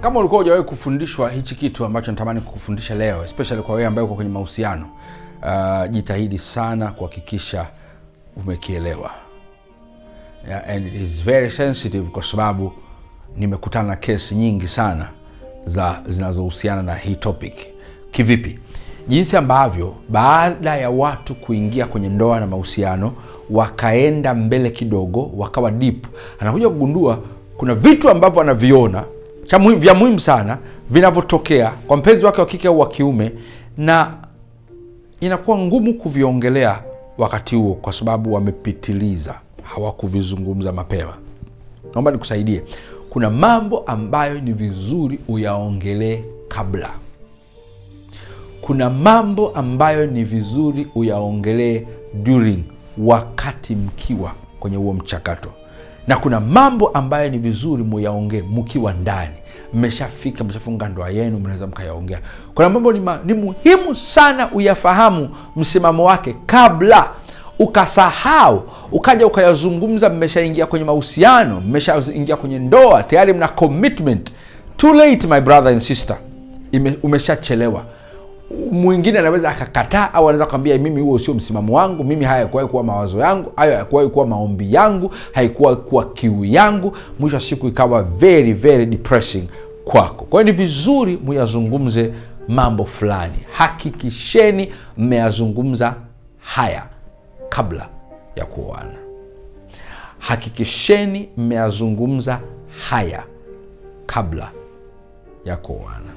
Kama ulikuwa hujawahi kufundishwa hichi kitu ambacho natamani kukufundisha leo, especially kwa wewe ambaye uko kwenye mahusiano uh, jitahidi sana kuhakikisha umekielewa. Yeah, and it is very sensitive kwa sababu nimekutana na kesi nyingi sana za zinazohusiana na hii topic. Kivipi? Jinsi ambavyo baada ya watu kuingia kwenye ndoa na mahusiano wakaenda mbele kidogo, wakawa deep, anakuja kugundua kuna vitu ambavyo anaviona cha muhimu, vya muhimu sana vinavyotokea kwa mpenzi wake wa kike au wa kiume, na inakuwa ngumu kuviongelea wakati huo kwa sababu wamepitiliza, hawakuvizungumza mapema. Naomba nikusaidie, kuna mambo ambayo ni vizuri uyaongelee kabla, kuna mambo ambayo ni vizuri uyaongelee during, wakati mkiwa kwenye huo mchakato na kuna mambo ambayo ni vizuri muyaongee mkiwa ndani, mmeshafika, mmeshafunga ndoa yenu, mnaweza mkayaongea. Kuna mambo ni, ma, ni muhimu sana uyafahamu msimamo wake kabla ukasahau ukaja ukayazungumza. Mmeshaingia kwenye mahusiano, mmeshaingia kwenye ndoa tayari, mna commitment. Too late my brother and sister, umeshachelewa mwingine anaweza akakataa au anaweza kwambia mimi huo sio msimamo wangu mimi haya hayakuwahi kuwa mawazo yangu hayo hayakuwahi kuwa maombi yangu haikuwa kuwa kiu yangu mwisho wa siku ikawa very very depressing kwako kwa hiyo ni vizuri muyazungumze mambo fulani hakikisheni mmeyazungumza haya kabla ya kuoana hakikisheni mmeyazungumza haya kabla ya kuoana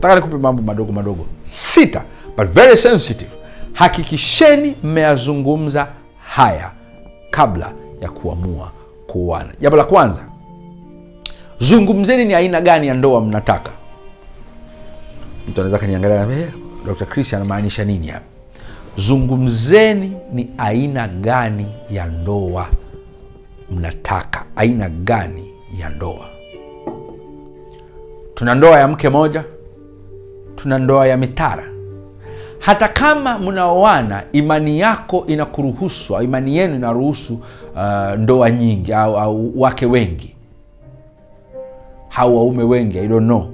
Nataka nikupe mambo madogo madogo sita, but very sensitive. Hakikisheni mmeyazungumza haya kabla ya kuamua kuoana. Jambo la kwanza, zungumzeni ni aina gani ya ndoa mnataka. Mtu anaweza kaniangalia, Dr. Chris anamaanisha nini hapa? Zungumzeni ni aina gani ya ndoa mnataka, aina gani ya ndoa. Tuna ndoa ya mke moja tuna ndoa ya mitara. Hata kama mnaoana, imani yako inakuruhusu, imani yenu inaruhusu uh, ndoa nyingi au, au wake wengi au waume wengi, I don't know.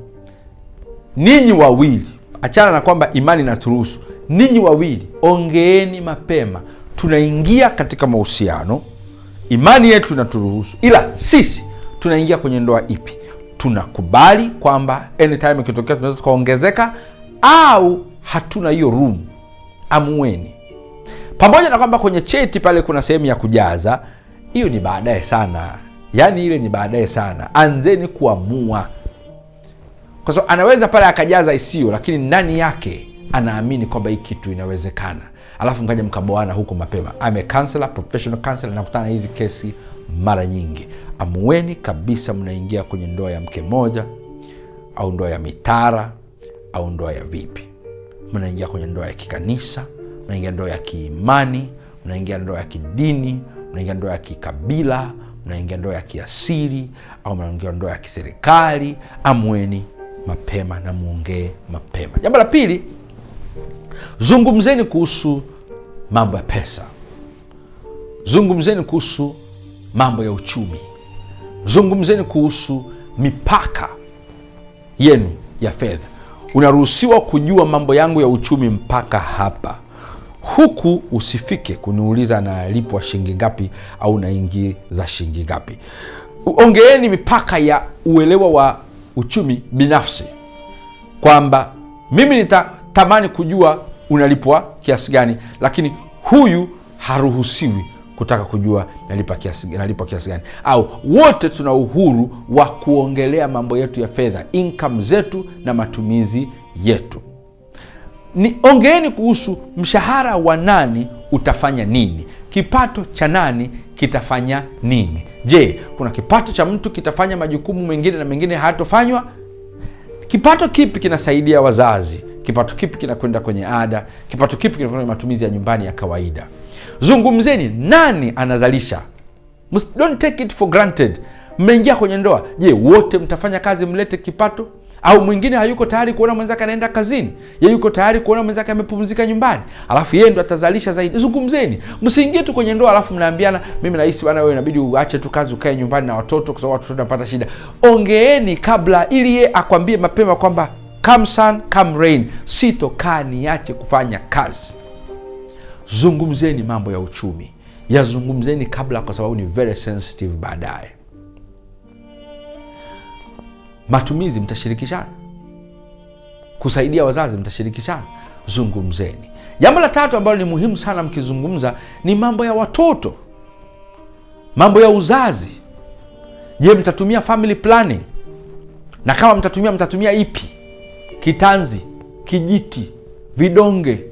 Ninyi wawili, achana na kwamba imani inaturuhusu, ninyi wawili ongeeni mapema, tunaingia katika mahusiano, imani yetu inaturuhusu, ila sisi tunaingia kwenye ndoa ipi? tunakubali kwamba anytime ikitokea tunaweza tukaongezeka au hatuna hiyo room, amueni. Pamoja na kwamba kwenye cheti pale kuna sehemu ya kujaza, hiyo ni baadaye sana, yaani ile ni baadaye sana. Anzeni kuamua, kwa sababu anaweza pale akajaza isiyo, lakini ndani yake anaamini kwamba hii kitu inawezekana, alafu mkaja mkaboana huko mapema. Ame professional counselor, nakutana hizi kesi mara nyingi. Amueni kabisa mnaingia kwenye ndoa ya mke mmoja au ndoa ya mitara au ndoa ya vipi. Mnaingia kwenye ndoa ya kikanisa, mnaingia ndoa ya kiimani, mnaingia ndoa ya kidini, mnaingia ndoa ya kikabila, mnaingia ndoa ya kiasili au mnaingia ndoa ya kiserikali. Amueni mapema na muongee mapema. Jambo la pili, zungumzeni kuhusu mambo ya pesa, zungumzeni kuhusu mambo ya uchumi. Zungumzeni kuhusu mipaka yenu ya fedha. Unaruhusiwa kujua mambo yangu ya uchumi mpaka hapa, huku usifike kuniuliza nalipwa shilingi ngapi au naingiza shilingi ngapi. Ongeeni mipaka ya uelewa wa uchumi binafsi, kwamba mimi nitatamani kujua unalipwa kiasi gani, lakini huyu haruhusiwi kutaka kujua nalipa kiasi, nalipa kiasi gani, au wote tuna uhuru wa kuongelea mambo yetu ya fedha, income zetu na matumizi yetu. Ni ongeeni kuhusu mshahara wa nani utafanya nini, kipato cha nani kitafanya nini. Je, kuna kipato cha mtu kitafanya majukumu mengine na mengine hayatofanywa? Kipato kipi kinasaidia wazazi kipato kipi kinakwenda kwenye ada, kipato kipi kinakwenda kwenye matumizi ya nyumbani ya kawaida. Zungumzeni nani anazalisha. Don't take it for granted. Mmeingia kwenye ndoa, je, wote mtafanya kazi mlete kipato? Au mwingine hayuko tayari kuona mwenzake anaenda kazini, ye yuko tayari kuona mwenzake amepumzika nyumbani, alafu yeye ndo atazalisha zaidi. Zungumzeni, msiingie tu kwenye ndoa alafu mnaambiana, mimi nahisi bana, wewe inabidi uache tu kazi ukae nyumbani na watoto, kwa sababu watoto napata shida. Ongeeni kabla, ili ye akwambie mapema kwamba come sun, come rain, sitokaa niache kufanya kazi. Zungumzeni mambo ya uchumi, yazungumzeni kabla, kwa sababu ni very sensitive baadaye. Matumizi mtashirikishana, kusaidia wazazi mtashirikishana, zungumzeni. Jambo la tatu ambalo ni muhimu sana mkizungumza ni mambo ya watoto, mambo ya uzazi. Je, mtatumia family planning? Na kama mtatumia, mtatumia ipi? kitanzi, kijiti, vidonge,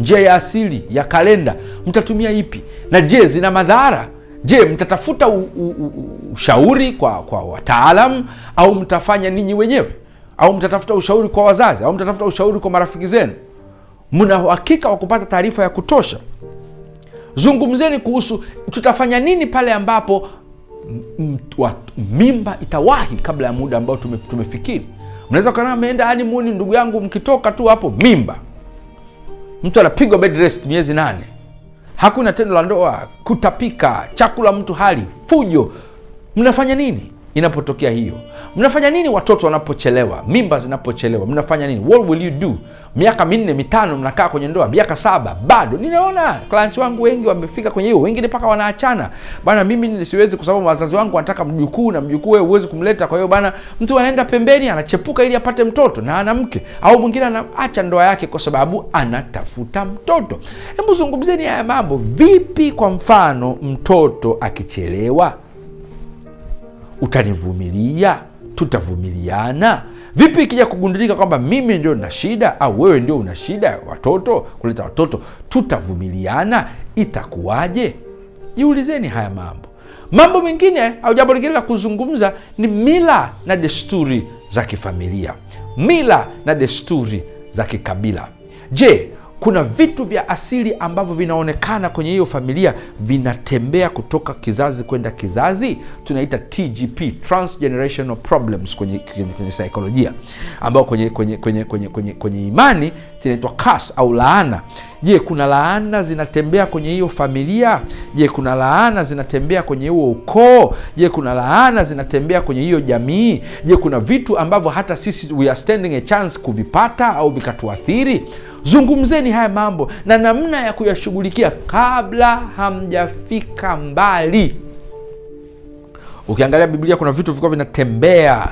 njia ya asili ya kalenda, mtatumia ipi? Na je, zina madhara? Je, mtatafuta ushauri kwa kwa wataalam au mtafanya ninyi wenyewe, au mtatafuta ushauri kwa wazazi, au mtatafuta ushauri kwa marafiki zenu? Mna uhakika wa kupata taarifa ya kutosha? Zungumzeni kuhusu tutafanya nini pale ambapo mimba itawahi kabla ya muda ambao tumefikiri. Mnaweza kana ameenda honeymoon, ndugu yangu, mkitoka tu hapo mimba, mtu anapigwa bed rest miezi nane, hakuna tendo la ndoa, kutapika, chakula mtu hali, fujo. Mnafanya nini? inapotokea hiyo, mnafanya nini? Watoto wanapochelewa, mimba zinapochelewa, mnafanya nini? What will you do? Miaka minne mitano mnakaa kwenye ndoa, miaka saba bado. Ninaona klant wangu wengi wamefika kwenye hiyo, wengine mpaka wanaachana. Bana, mimi siwezi kwa sababu wazazi wangu wanataka mjukuu, na mjukuu wewe huwezi kumleta. Kwa hiyo bana, mtu anaenda pembeni, anachepuka ili apate mtoto na ana mke, au mwingine anaacha ndoa yake kwa sababu anatafuta mtoto. Hebu zungumzeni haya mambo, vipi? Kwa mfano mtoto akichelewa utanivumilia? Tutavumiliana vipi? Ikija kugundulika kwamba mimi ndio na shida au wewe ndio una shida watoto kuleta watoto, tutavumiliana? Itakuwaje? Jiulizeni haya mambo. Mambo mengine au jambo lingine la kuzungumza ni mila na desturi za kifamilia, mila na desturi za kikabila. Je, kuna vitu vya asili ambavyo vinaonekana kwenye hiyo familia vinatembea kutoka kizazi kwenda kizazi, tunaita TGP, transgenerational problems kwenye, kwenye, kwenye saikolojia ambao kwenye, kwenye, kwenye, kwenye, kwenye, kwenye imani zinaitwa kas au laana. Je, kuna laana zinatembea kwenye hiyo familia? Je, kuna laana zinatembea kwenye huo ukoo? Je, kuna laana zinatembea kwenye hiyo jamii? Je, kuna vitu ambavyo hata sisi we are standing a chance kuvipata au vikatuathiri? zungumzeni haya mambo na namna ya kuyashughulikia kabla hamjafika mbali. Ukiangalia Biblia kuna vitu vikuwa vinatembea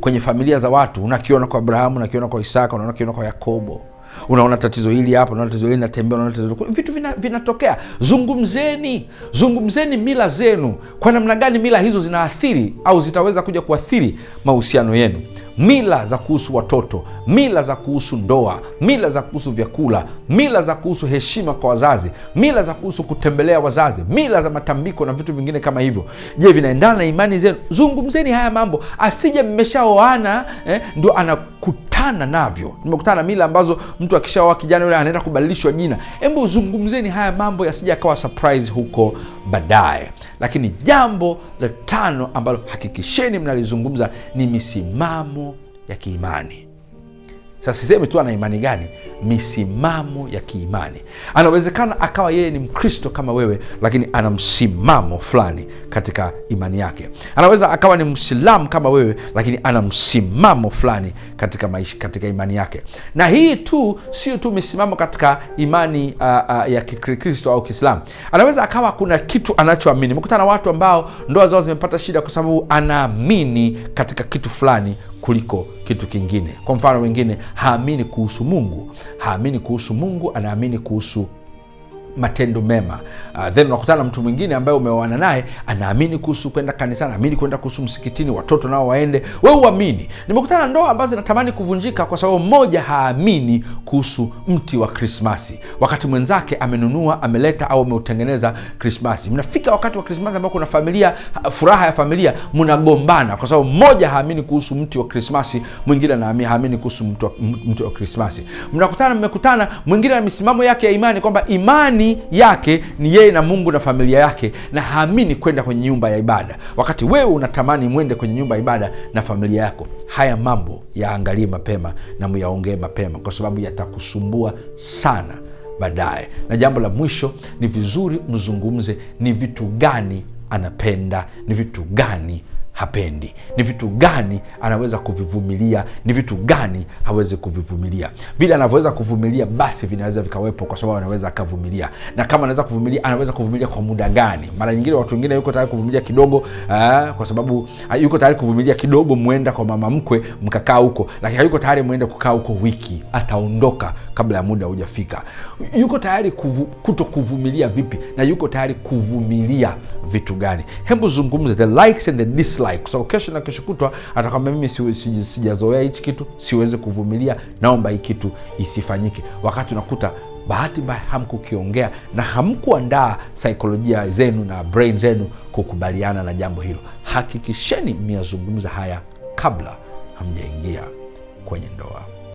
kwenye familia za watu, unakiona kwa Abrahamu, unakiona kwa Isaka, unakiona kwa Yakobo, unaona tatizo hili hapa, unaona tatizo hili natembea, unaona tatizo vitu vina, vinatokea. Zungumzeni, zungumzeni mila zenu, kwa namna gani mila hizo zinaathiri au zitaweza kuja kuathiri mahusiano yenu mila za kuhusu watoto, mila za kuhusu ndoa, mila za kuhusu vyakula, mila za kuhusu heshima kwa wazazi, mila za kuhusu kutembelea wazazi, mila za matambiko na vitu vingine kama hivyo. Je, vinaendana na imani zenu? Zungumzeni haya mambo, asije mmeshaoana eh, ndo anakutana navyo. Nimekutana na mila ambazo mtu akishaoa kijana yule anaenda kubadilishwa jina. Hebu zungumzeni haya mambo, yasije akawa surprise huko baadaye. Lakini jambo la tano ambalo hakikisheni mnalizungumza ni misimamo ya kiimani. Sasa sisemi tu ana imani gani, misimamo ya kiimani. Anawezekana akawa yeye ni Mkristo kama wewe, lakini ana msimamo fulani katika imani yake. Anaweza akawa ni msilamu kama wewe, lakini ana msimamo fulani katika maisha, katika imani yake. Na hii tu sio tu misimamo katika imani uh, uh, ya Kikristo au Kiislamu. Anaweza akawa kuna kitu anachoamini. Mekutana watu ambao ndoa zao zimepata shida kwa sababu anaamini katika kitu fulani kuliko kitu kingine. Kwa mfano, wengine haamini kuhusu Mungu, haamini kuhusu Mungu, anaamini kuhusu matendo mema. Uh, then unakutana na mtu mwingine ambaye umeoana naye, anaamini kuhusu kwenda kanisa anaamini kwenda kuhusu msikitini, watoto nao waende, wewe uamini. Nimekutana ndoa ambazo zinatamani kuvunjika kwa sababu mmoja haamini kuhusu mti wa Krismasi, wakati mwenzake amenunua, ameleta au ameutengeneza Krismasi. Mnafika wakati wa Krismasi ambao kuna familia, furaha ya familia, mnagombana kwa sababu mmoja haamini kuhusu mti wa Krismasi, mwingine haamini kuhusu mti wa Krismasi. Mnakutana, mmekutana, mwingine na misimamo yake ya imani kwamba imani imani yake ni yeye na Mungu na familia yake, na haamini kwenda kwenye nyumba ya ibada, wakati wewe unatamani mwende kwenye nyumba ya ibada na familia yako. Haya mambo yaangalie mapema na muyaongee mapema, kwa sababu yatakusumbua sana baadaye. Na jambo la mwisho, ni vizuri mzungumze ni vitu gani anapenda, ni vitu gani hapendi, ni vitu gani anaweza kuvivumilia, ni vitu gani hawezi kuvivumilia. Vile anavyoweza kuvumilia, basi vinaweza vikawepo, kwa sababu anaweza akavumilia. Na kama anaweza kuvumilia, anaweza kuvumilia kwa muda gani? Mara nyingine watu wengine yuko tayari kuvumilia kidogo aa, eh, kwa sababu ah, yuko tayari kuvumilia kidogo, mwenda kwa mama mkwe mkakaa huko, lakini hayuko tayari mwenda kukaa huko wiki, ataondoka kabla ya muda hujafika. Yuko tayari kuvu, kuto kuvumilia vipi, na yuko tayari kuvumilia vitu gani? Hebu zungumze the likes and the dislikes like, kwa sababu kesho na kesho kutwa atakwambia mimi sijazoea hichi kitu, siwezi kuvumilia, naomba hii kitu isifanyike, wakati unakuta bahati mbaya hamkukiongea na hamkuandaa saikolojia zenu na brain zenu kukubaliana na jambo hilo. Hakikisheni mmeyazungumza haya kabla hamjaingia kwenye ndoa.